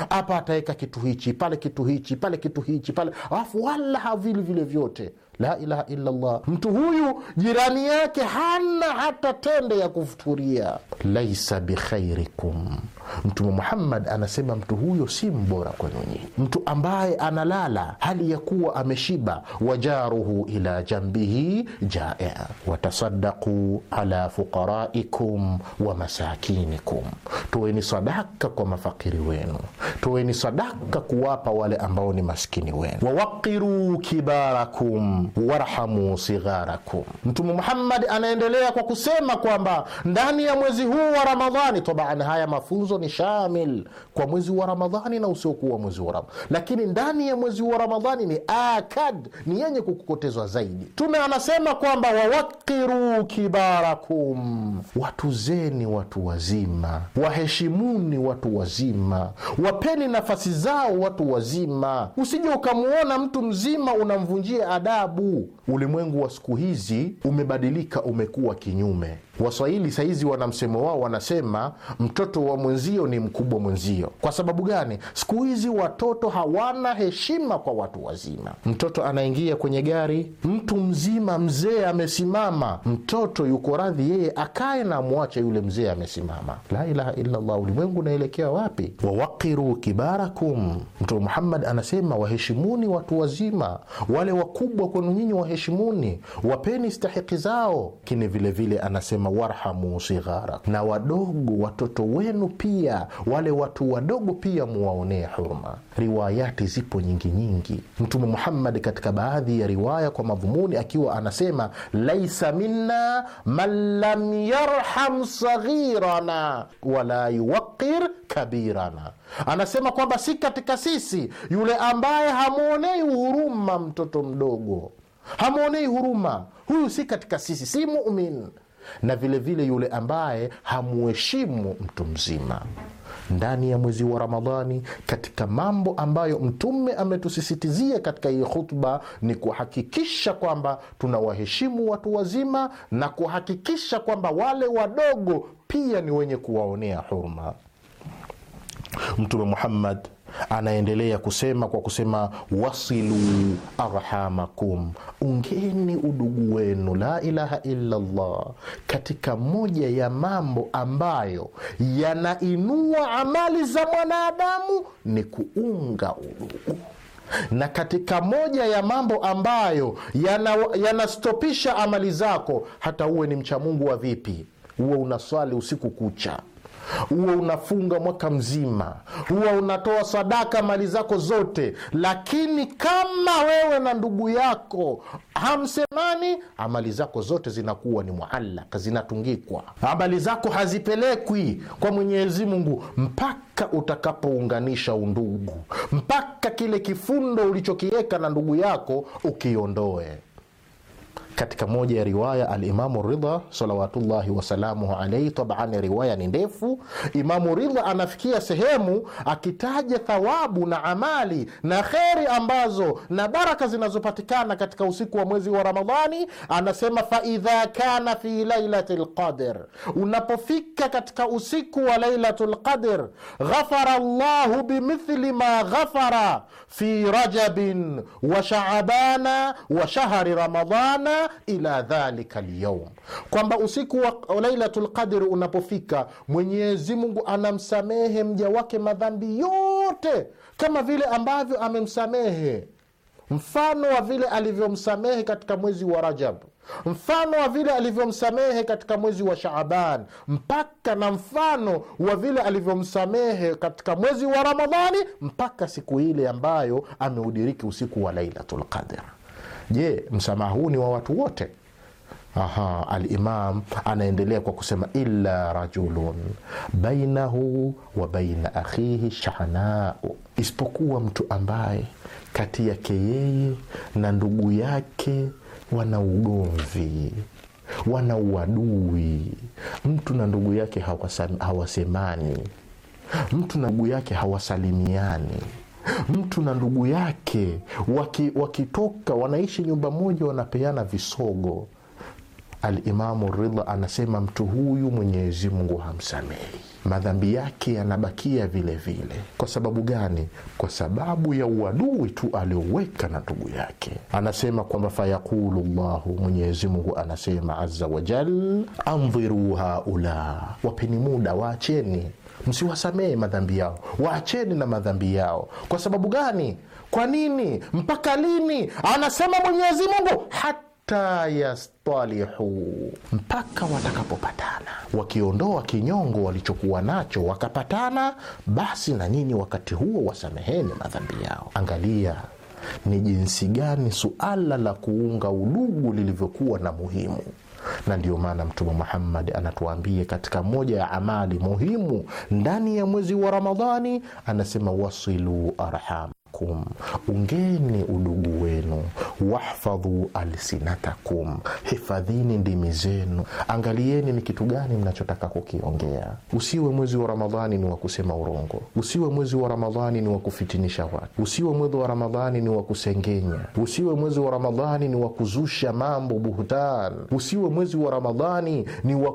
hapa ataweka kitu hichi pale, kitu hichi pale, kitu hichi pale, alafu wala havili vile vyote la ilaha illa Allah. Mtu huyu jirani yake hana hata tende ya kufuturia. Laisa bikhairikum, Mtume Muhammad anasema mtu huyo si mbora kwenu nyinyi. Mtu ambaye analala hali ya kuwa ameshiba, wajaruhu ila jambihi jae, watasadaqu ala fuqaraikum wa masakinikum, toweni sadaka kwa mafakiri wenu, toweni sadaka kuwapa wale ambao ni maskini wenu, wawaqiru kibarakum warhamu sigharakum. Mtume Muhammad anaendelea kwa kusema kwamba ndani ya mwezi huu wa Ramadhani, tabaan, haya mafunzo ni shamil kwa mwezi wa Ramadhani na usiokuwa mwezi wa Ramadhani, lakini ndani ya mwezi wa Ramadhani ni akad, ni yenye kukokotezwa zaidi. Mtume anasema kwamba wawakiru kibarakum, watuzeni watu wazima, waheshimuni watu wazima, wapeni nafasi zao watu wazima. Usije ukamwona mtu mzima unamvunjia adabu sababu ulimwengu wa siku hizi umebadilika, umekuwa kinyume. Waswahili sahizi wana msemo wao, wanasema mtoto wa mwenzio ni mkubwa mwenzio. Kwa sababu gani? Siku hizi watoto hawana heshima kwa watu wazima. Mtoto anaingia kwenye gari, mtu mzima mzee amesimama, mtoto yuko radhi yeye akaye na amwache yule mzee amesimama. La ilaha illallah, ulimwengu unaelekea wapi? Wawaqiru kibarakum, Mtume Muhammad anasema waheshimuni watu wazima, wale wakubwa kwenu nyinyi waheshimuni, wapeni stahiki zao. Lakini vilevile anasema anasema warhamu sighara, na wadogo watoto wenu pia, wale watu wadogo pia muwaonee hurma. Riwayati zipo nyingi nyingi. Mtume Muhammad katika baadhi ya riwaya kwa madhumuni akiwa anasema laisa minna man lam yarham saghirana wala yuwaqir kabirana, anasema kwamba si katika sisi yule ambaye hamwonei huruma mtoto mdogo, hamwonei huruma, huyu si katika sisi, si mumin na vilevile vile yule ambaye hamuheshimu mtu mzima ndani ya mwezi wa Ramadhani. Katika mambo ambayo Mtume ametusisitizia katika hii khutba ni kuhakikisha kwamba tunawaheshimu watu wazima na kuhakikisha kwamba wale wadogo pia ni wenye kuwaonea huruma. Mtume Muhammad anaendelea kusema kwa kusema wasilu arhamakum, ungeni udugu wenu, la ilaha illallah katika moja ya mambo ambayo yanainua amali za mwanadamu ni kuunga udugu na katika moja ya mambo ambayo yanastopisha yana amali zako, hata uwe ni mcha Mungu wa vipi, uwe unaswali usiku kucha huwa unafunga mwaka mzima, huwa unatoa sadaka mali zako zote, lakini kama wewe na ndugu yako hamsemani, amali zako zote zinakuwa ni muallaka, zinatungikwa. Amali zako hazipelekwi kwa Mwenyezi Mungu mpaka utakapounganisha undugu, mpaka kile kifundo ulichokiweka na ndugu yako ukiondoe katika moja ya riwaya alimamu Ridha salawatullahi wasalamuhu alaihi, taban riwaya ni ndefu. Imamu Ridha anafikia sehemu akitaja thawabu na amali na kheri ambazo na baraka zinazopatikana katika usiku wa mwezi wa Ramadhani, anasema faidha kana fi lailati lqadr, unapofika katika usiku wa lailatu lqadr, ghafara llahu bimithli ma ghafara fi rajabin wa shaabana wa shahri ramadana ila dhalika lyaum, kwamba usiku wa Lailatul Qadri unapofika Mwenyezi Mungu anamsamehe mja wake madhambi yote kama vile ambavyo amemsamehe mfano wa vile alivyomsamehe katika mwezi wa Rajab, mfano wa vile alivyomsamehe katika mwezi wa Shaaban, mpaka na mfano wa vile alivyomsamehe katika mwezi wa Ramadhani, mpaka siku ile ambayo ameudiriki usiku wa Lailatul Qadr. Je, msamaha huu ni wa watu wote? Aha, alimam anaendelea kwa kusema illa rajulun bainahu wa baina akhihi shahnau, isipokuwa mtu ambaye kati yake yeye na ndugu yake wana ugomvi, wana uadui. Mtu na ndugu yake hawasemani, mtu na ndugu yake hawasalimiani mtu na ndugu yake waki, wakitoka wanaishi nyumba moja, wanapeana visogo. Alimamu Ridha anasema mtu huyu Mwenyezi Mungu hamsamehi, madhambi yake yanabakia vile vile. Kwa sababu gani? Kwa sababu ya uadui tu alioweka na ndugu yake. Anasema kwamba fayaqulu llahu, Mwenyezi Mungu anasema aza wajal, andhiru haula, wapeni muda, waacheni msiwasamehe madhambi yao, waacheni na madhambi yao. Kwa sababu gani? Kwa nini? Mpaka lini? Anasema Mwenyezi Mungu hata yastalihu, mpaka watakapopatana, wakiondoa kinyongo walichokuwa nacho wakapatana, basi na nyinyi wakati huo wasameheni madhambi yao. Angalia ni jinsi gani suala la kuunga udugu lilivyokuwa na muhimu. Na ndio maana Mtume Muhammad anatuambia katika moja ya amali muhimu ndani ya mwezi wa Ramadhani, anasema wasilu arham aydiyakum, ungeni udugu wenu. Wahfadhu alsinatakum, hifadhini ndimi zenu, angalieni ni kitu gani mnachotaka kukiongea. Usiwe mwezi wa Ramadhani ni wa kusema urongo, usiwe mwezi wa Ramadhani ni wa kufitinisha watu, usiwe mwezi wa Ramadhani ni wa kusengenya, usiwe mwezi wa Ramadhani ni wa kuzusha mambo buhtan, usiwe mwezi wa Ramadhani ni wa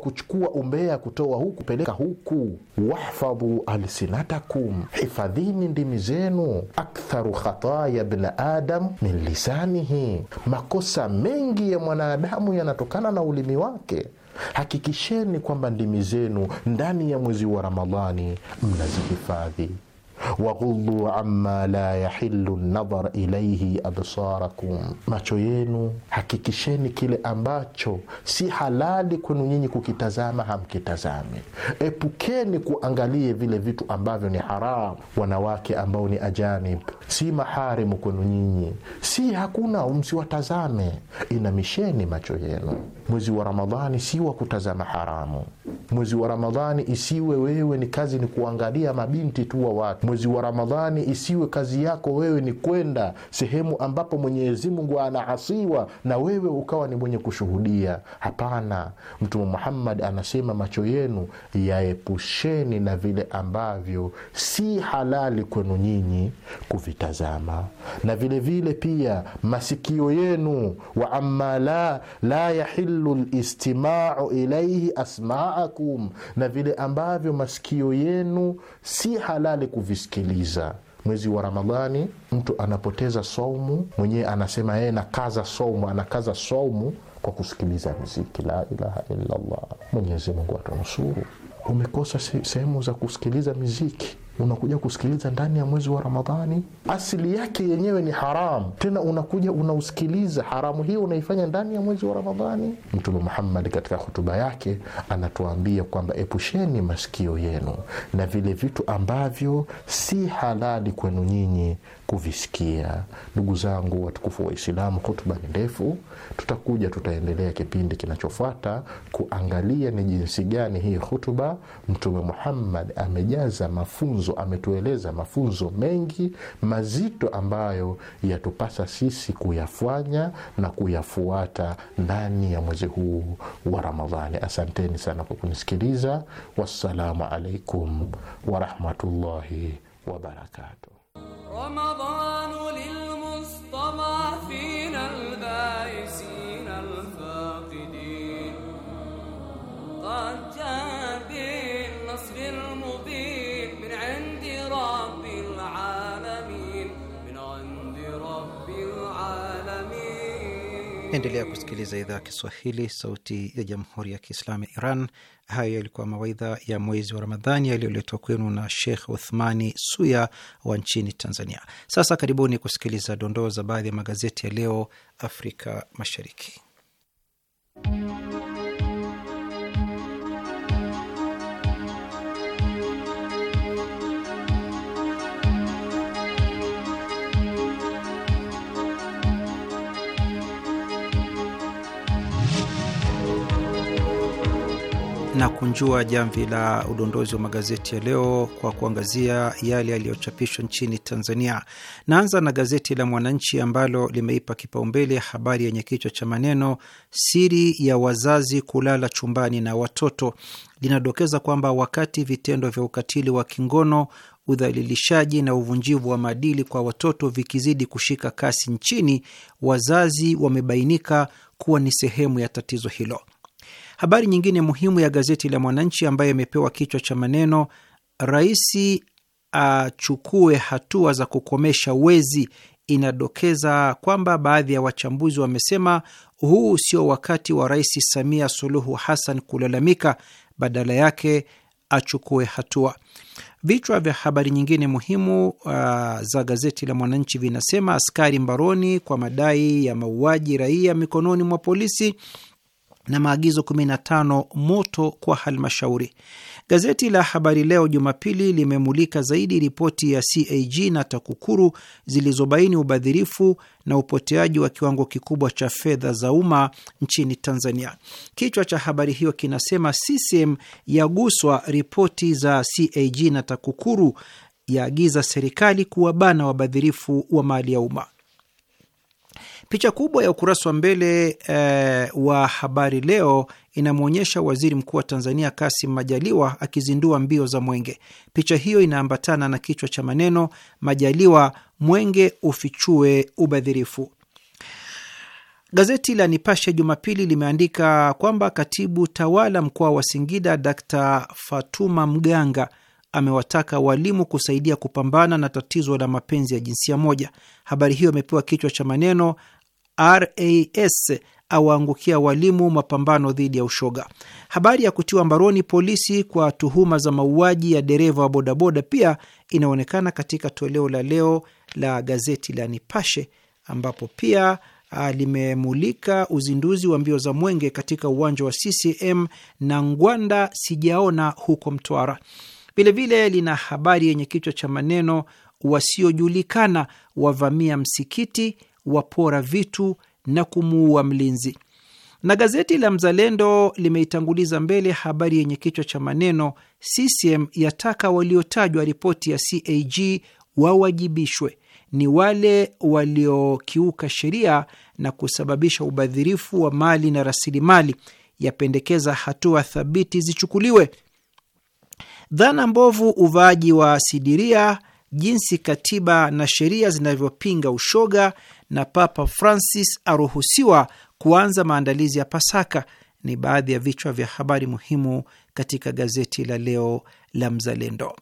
kuchukua umbea, kutoa huku peleka huku. Wahfadhu alsinatakum, hifadhini ndimi zenu yenu aktharu khataya bni adam min lisanihi, makosa mengi ya mwanadamu yanatokana na ulimi wake. Hakikisheni kwamba ndimi zenu ndani ya mwezi wa Ramadhani mnazihifadhi waghudhu amma la yahillu nadhar ilaihi absarakum, macho yenu hakikisheni kile ambacho si halali kwenu nyinyi kukitazama, hamkitazame. Epukeni kuangalie vile vitu ambavyo ni haramu. Wanawake ambao ni ajanib, si maharimu kwenu nyinyi, si hakuna, msiwatazame. Inamisheni macho yenu. Mwezi wa Ramadhani si wa kutazama haramu. Mwezi wa Ramadhani isiwe wewe ni kazi ni kuangalia mabinti tu wa watu mwezi wa Ramadhani isiwe kazi yako wewe ni kwenda sehemu ambapo Mwenyezi Mungu anaasiwa na wewe ukawa ni mwenye kushuhudia. Hapana, Mtume Muhammad anasema macho yenu yaepusheni na vile ambavyo si halali kwenu nyinyi kuvitazama, na vile vile pia masikio yenu, wa ama la la yahilu listimau ilaihi asmaakum, na vile ambavyo masikio yenu si halali kuvi kujisikiliza. Mwezi wa Ramadhani mtu anapoteza saumu mwenyewe, anasema yeye nakaza saumu, anakaza saumu kwa kusikiliza mziki. La ilaha illallah, Mwenyezi Mungu atunusuru. Umekosa sehemu za kusikiliza miziki unakuja kusikiliza ndani ya mwezi wa Ramadhani, asili yake yenyewe ni haramu, tena unakuja unausikiliza haramu hiyo unaifanya ndani ya mwezi wa Ramadhani. Mtume Muhammad katika hutuba yake anatuambia kwamba epusheni masikio yenu na vile vitu ambavyo si halali kwenu nyinyi kuvisikia. Ndugu zangu watukufu Waislamu, hutuba ni ndefu, tutakuja tutaendelea kipindi kinachofuata kuangalia ni jinsi gani hii hutuba Mtume Muhammad amejaza mafunzo mafunzo, ametueleza mafunzo mengi mazito ambayo yatupasa sisi kuyafanya na kuyafuata ndani ya mwezi huu wa Ramadhani. Asanteni sana kwa kunisikiliza. Wassalamu alaikum warahmatullahi wabarakatuh. Naendelea kusikiliza idhaa ya Kiswahili, sauti ya jamhuri ya kiislamu ya Iran. Hayo yalikuwa mawaidha ya mwezi wa Ramadhani yaliyoletwa kwenu na Sheikh Uthmani Suya wa nchini Tanzania. Sasa karibuni kusikiliza dondoo za baadhi ya magazeti ya leo Afrika Mashariki. na kunjua jamvi la udondozi wa magazeti ya leo kwa kuangazia yale yaliyochapishwa nchini Tanzania. Naanza na gazeti la Mwananchi ambalo limeipa kipaumbele habari yenye kichwa cha maneno siri ya wazazi kulala chumbani na watoto. Linadokeza kwamba wakati vitendo vya ukatili wa kingono udhalilishaji na uvunjivu wa maadili kwa watoto vikizidi kushika kasi nchini, wazazi wamebainika kuwa ni sehemu ya tatizo hilo. Habari nyingine muhimu ya gazeti la Mwananchi ambayo imepewa kichwa cha maneno Rais achukue hatua za kukomesha wezi, inadokeza kwamba baadhi ya wachambuzi wamesema huu sio wakati wa Rais Samia Suluhu Hassan kulalamika, badala yake achukue hatua. Vichwa vya habari nyingine muhimu uh, za gazeti la Mwananchi vinasema askari mbaroni kwa madai ya mauaji raia mikononi mwa polisi, na maagizo 15 moto kwa halmashauri. Gazeti la Habari Leo Jumapili limemulika zaidi ripoti ya CAG na TAKUKURU zilizobaini ubadhirifu na upoteaji wa kiwango kikubwa cha fedha za umma nchini Tanzania. Kichwa cha habari hiyo kinasema CCM yaguswa ripoti za CAG na TAKUKURU, yaagiza serikali kuwabana wabadhirifu wa mali ya umma. Picha kubwa ya ukurasa wa mbele eh, wa Habari Leo inamwonyesha waziri mkuu wa Tanzania Kasim Majaliwa akizindua mbio za mwenge. Picha hiyo inaambatana na kichwa cha maneno Majaliwa, mwenge ufichue ubadhirifu. Gazeti la Nipashe Jumapili limeandika kwamba katibu tawala mkoa wa Singida Dkt Fatuma Mganga amewataka walimu kusaidia kupambana na tatizo la mapenzi ya jinsia moja. Habari hiyo imepewa kichwa cha maneno RAS awaangukia walimu mapambano dhidi ya ushoga. Habari ya kutiwa mbaroni polisi kwa tuhuma za mauaji ya dereva wa bodaboda pia inaonekana katika toleo la leo la gazeti la Nipashe ambapo pia ah, limemulika uzinduzi wa mbio za mwenge katika uwanja wa CCM na Ngwanda sijaona huko Mtwara. Vilevile lina habari yenye kichwa cha maneno wasiojulikana wavamia msikiti wapora vitu na kumuua mlinzi. Na gazeti la Mzalendo limeitanguliza mbele habari yenye kichwa cha maneno CCM yataka waliotajwa ripoti ya CAG wawajibishwe, ni wale waliokiuka sheria na kusababisha ubadhirifu wa mali na rasilimali, yapendekeza hatua thabiti zichukuliwe. Dhana mbovu, uvaaji wa sidiria jinsi katiba na sheria zinavyopinga ushoga na Papa Francis aruhusiwa kuanza maandalizi ya Pasaka ni baadhi ya vichwa vya habari muhimu katika gazeti la leo la Mzalendo.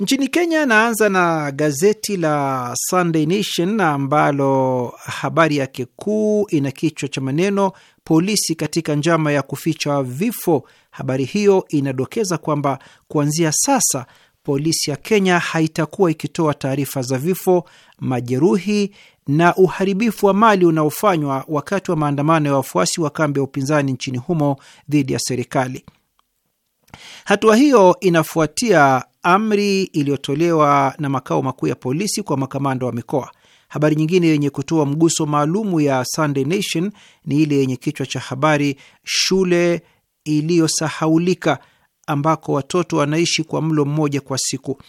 Nchini Kenya, naanza na gazeti la Sunday Nation ambalo habari yake kuu ina kichwa cha maneno polisi katika njama ya kuficha vifo. Habari hiyo inadokeza kwamba kuanzia sasa polisi ya Kenya haitakuwa ikitoa taarifa za vifo, majeruhi na uharibifu wa mali unaofanywa wakati wa maandamano ya wafuasi wa kambi ya upinzani nchini humo dhidi ya serikali. Hatua hiyo inafuatia amri iliyotolewa na makao makuu ya polisi kwa makamanda wa mikoa. Habari nyingine yenye kutoa mguso maalumu ya Sunday Nation ni ile yenye kichwa cha habari, shule iliyosahaulika ambako watoto wanaishi kwa mlo mmoja kwa siku.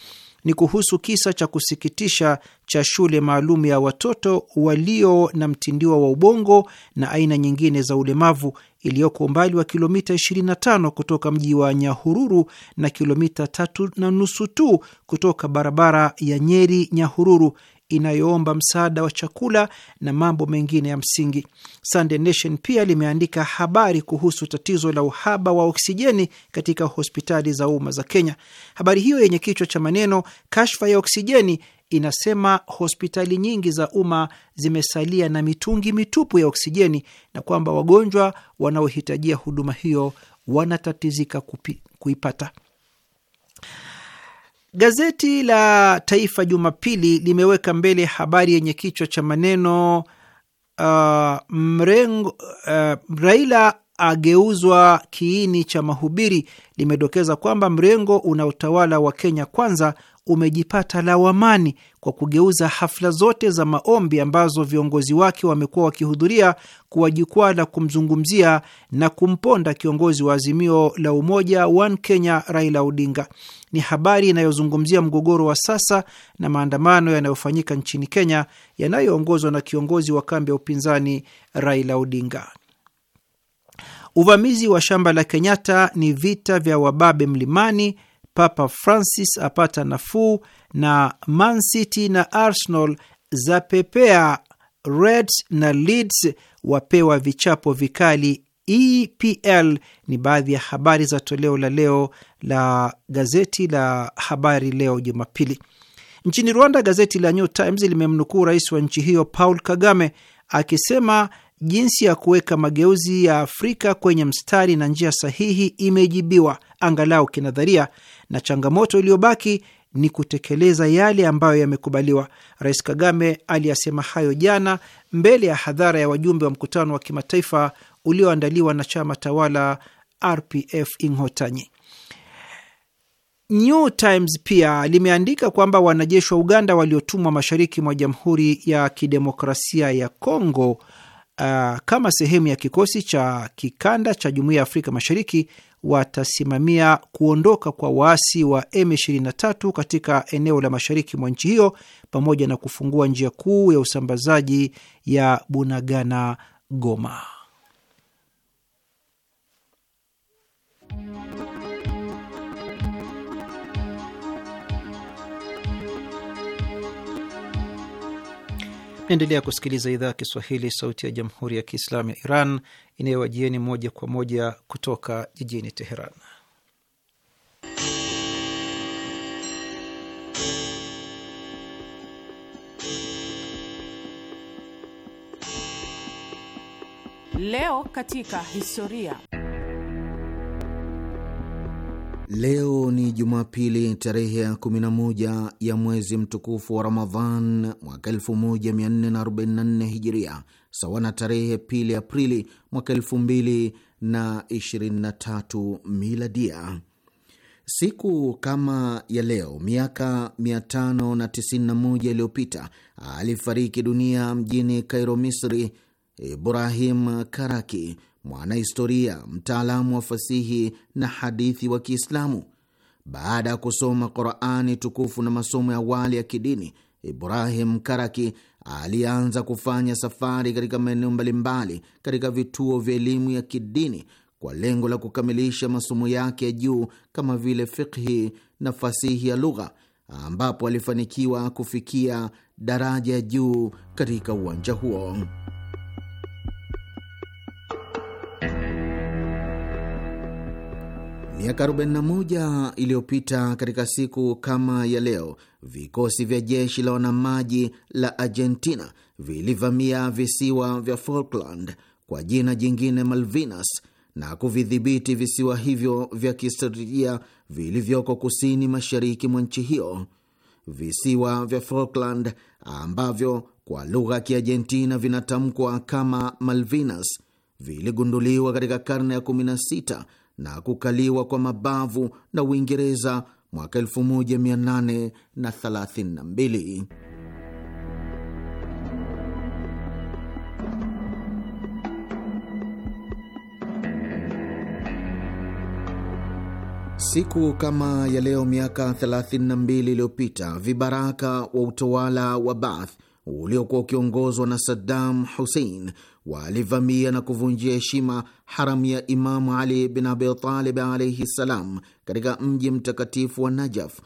Ni kuhusu kisa cha kusikitisha cha shule maalum ya watoto walio na mtindiwa wa ubongo na aina nyingine za ulemavu iliyoko umbali wa kilomita 25 kutoka mji wa Nyahururu na kilomita tatu na nusu tu kutoka barabara ya Nyeri Nyahururu inayoomba msaada wa chakula na mambo mengine ya msingi. Sunday Nation pia limeandika habari kuhusu tatizo la uhaba wa oksijeni katika hospitali za umma za Kenya. Habari hiyo yenye kichwa cha maneno kashfa ya oksijeni inasema hospitali nyingi za umma zimesalia na mitungi mitupu ya oksijeni na kwamba wagonjwa wanaohitajia huduma hiyo wanatatizika kuipata. Gazeti la Taifa Jumapili limeweka mbele habari yenye kichwa cha maneno uh, mrengo, uh, Raila ageuzwa kiini cha mahubiri. Limedokeza kwamba mrengo unaotawala wa Kenya Kwanza umejipata lawamani kwa kugeuza hafla zote za maombi ambazo viongozi wake wamekuwa wakihudhuria kuwa jukwaa la kumzungumzia na kumponda kiongozi wa Azimio la Umoja One Kenya Raila Odinga. Ni habari inayozungumzia mgogoro wa sasa na maandamano yanayofanyika nchini Kenya yanayoongozwa na kiongozi wa kambi ya upinzani Raila Odinga. Uvamizi wa shamba la Kenyatta ni vita vya wababe mlimani Papa Francis apata nafuu na Man City na Arsenal za pepea. Reds na Leeds wapewa vichapo vikali EPL. Ni baadhi ya habari za toleo la leo la gazeti la Habari Leo Jumapili. Nchini Rwanda, gazeti la New Times limemnukuu rais wa nchi hiyo Paul Kagame akisema jinsi ya kuweka mageuzi ya Afrika kwenye mstari na njia sahihi imejibiwa angalau kinadharia, na changamoto iliyobaki ni kutekeleza yale ambayo yamekubaliwa. Rais Kagame aliyasema hayo jana mbele ya hadhara ya wajumbe wa mkutano wa kimataifa ulioandaliwa na chama tawala RPF Inghotanyi. New Times pia limeandika kwamba wanajeshi wa Uganda waliotumwa mashariki mwa Jamhuri ya Kidemokrasia ya Kongo uh, kama sehemu ya kikosi cha kikanda cha Jumuiya ya Afrika Mashariki watasimamia kuondoka kwa waasi wa M23 katika eneo la mashariki mwa nchi hiyo pamoja na kufungua njia kuu ya usambazaji ya Bunagana Goma. Naendelea kusikiliza idhaa ya Kiswahili, sauti ya jamhuri ya kiislamu ya Iran inayowajieni moja kwa moja kutoka jijini Teheran. Leo katika historia Leo ni Jumapili, tarehe ya 11 ya mwezi mtukufu wa Ramadhan mwaka 1444 Hijiria, sawa na tarehe pili Aprili mwaka 2023 Miladia. Siku kama ya leo miaka 591 iliyopita alifariki dunia mjini Kairo, Misri, Ibrahim Karaki, mwanahistoria, mtaalamu wa fasihi na hadithi wa Kiislamu. Baada ya kusoma Qurani tukufu na masomo ya awali ya kidini, Ibrahim Karaki alianza kufanya safari katika maeneo mbalimbali katika vituo vya elimu ya kidini kwa lengo la kukamilisha masomo yake ya juu kama vile fikhi na fasihi ya lugha, ambapo alifanikiwa kufikia daraja ya juu katika uwanja huo. Miaka 41 iliyopita katika siku kama ya leo, vikosi vya jeshi la wanamaji la Argentina vilivamia visiwa vya Falkland kwa jina jingine Malvinas na kuvidhibiti visiwa hivyo vya kihistoria vilivyoko kusini mashariki mwa nchi hiyo. Visiwa vya Falkland ambavyo kwa lugha ya Kiargentina vinatamkwa kama Malvinas viligunduliwa katika karne ya 16 na kukaliwa kwa mabavu na Uingereza mwaka 1832. Siku kama ya leo miaka 32 iliyopita vibaraka wa utawala wa bath uliokuwa ukiongozwa na Saddam Hussein walivamia na kuvunjia heshima haramu ya Imamu Ali bin Abitalib alaihi ssalam katika mji mtakatifu wa Najaf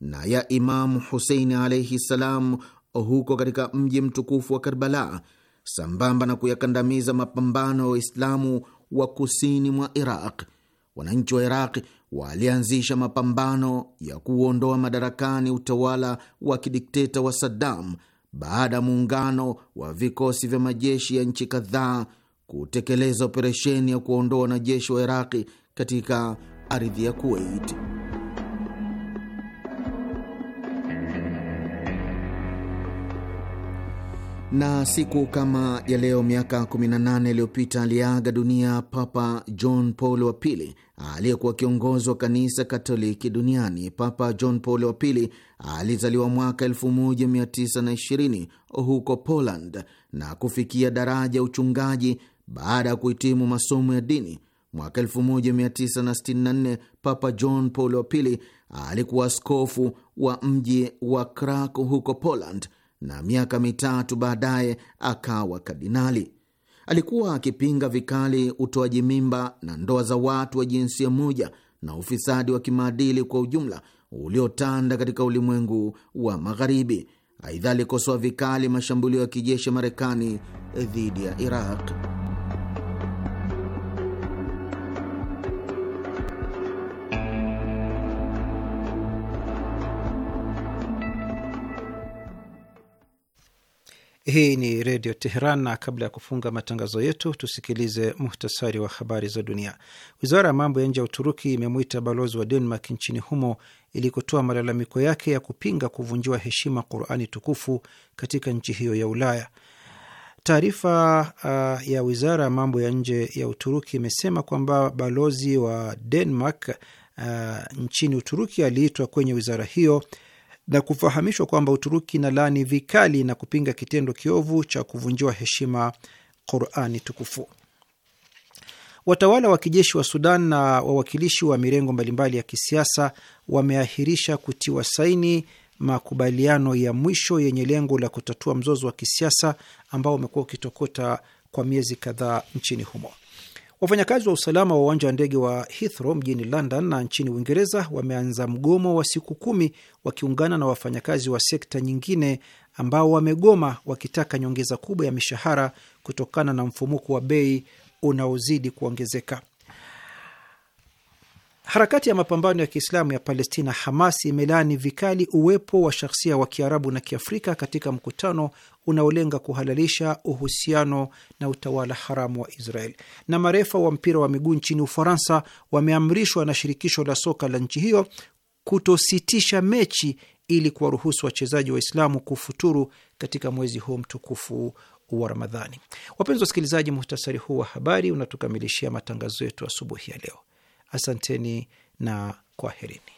na ya Imamu Husein alaihi ssalam huko katika mji mtukufu wa Karbala, sambamba na kuyakandamiza mapambano ya Waislamu wa kusini mwa Iraq. Wananchi wa Iraq walianzisha mapambano ya kuuondoa madarakani utawala wa kidikteta wa Saddam baada ya muungano wa vikosi vya majeshi ya nchi kadhaa kutekeleza operesheni ya kuondoa wanajeshi wa Iraqi katika ardhi ya Kuwait. na siku kama ya leo miaka 18 iliyopita aliaga dunia Papa John Paul wa pili aliyekuwa kiongozi wa kanisa Katoliki duniani. Papa John Paul wa pili alizaliwa mwaka 1920 huko Poland na kufikia daraja ya uchungaji baada ya kuhitimu masomo ya dini. Mwaka 1964 Papa John Paul wa pili alikuwa askofu wa mji wa Krak huko Poland na miaka mitatu baadaye akawa kardinali. Alikuwa akipinga vikali utoaji mimba na ndoa za watu wa jinsia moja na ufisadi wa kimaadili kwa ujumla uliotanda katika ulimwengu wa Magharibi. Aidha, alikosoa vikali mashambulio ya kijeshi ya Marekani dhidi ya Iraq. Hii ni Redio Teheran, na kabla ya kufunga matangazo yetu tusikilize muhtasari wa habari za dunia. Wizara ya mambo ya nje ya Uturuki imemwita balozi wa Denmark nchini humo ili kutoa malalamiko yake ya kupinga kuvunjiwa heshima Qurani tukufu katika nchi hiyo ya Ulaya. Taarifa uh, ya wizara ya mambo ya nje ya Uturuki imesema kwamba balozi wa Denmark uh, nchini Uturuki aliitwa kwenye wizara hiyo na kufahamishwa kwamba Uturuki inalaani vikali na kupinga kitendo kiovu cha kuvunjiwa heshima Qurani tukufu. Watawala wa kijeshi wa Sudan na wawakilishi wa mirengo mbalimbali ya kisiasa wameahirisha kutiwa saini makubaliano ya mwisho yenye lengo la kutatua mzozo wa kisiasa ambao umekuwa ukitokota kwa miezi kadhaa nchini humo. Wafanyakazi wa usalama wa uwanja wa ndege wa Heathrow mjini London na nchini Uingereza wameanza mgomo wa siku kumi wakiungana na wafanyakazi wa sekta nyingine ambao wamegoma wakitaka nyongeza kubwa ya mishahara kutokana na mfumuko wa bei unaozidi kuongezeka. Harakati ya mapambano ya Kiislamu ya Palestina, Hamas, imelaani vikali uwepo wa shahsia wa Kiarabu na Kiafrika katika mkutano unaolenga kuhalalisha uhusiano na utawala haramu wa Israel. Na marefa wa mpira wa miguu nchini Ufaransa wameamrishwa na shirikisho la soka la nchi hiyo kutositisha mechi ili kuwaruhusu wachezaji Waislamu kufuturu katika mwezi huu mtukufu wa Ramadhani. Wapenzi wasikilizaji, muhtasari huu wa habari unatukamilishia matangazo yetu asubuhi ya leo. Asanteni na kwaherini.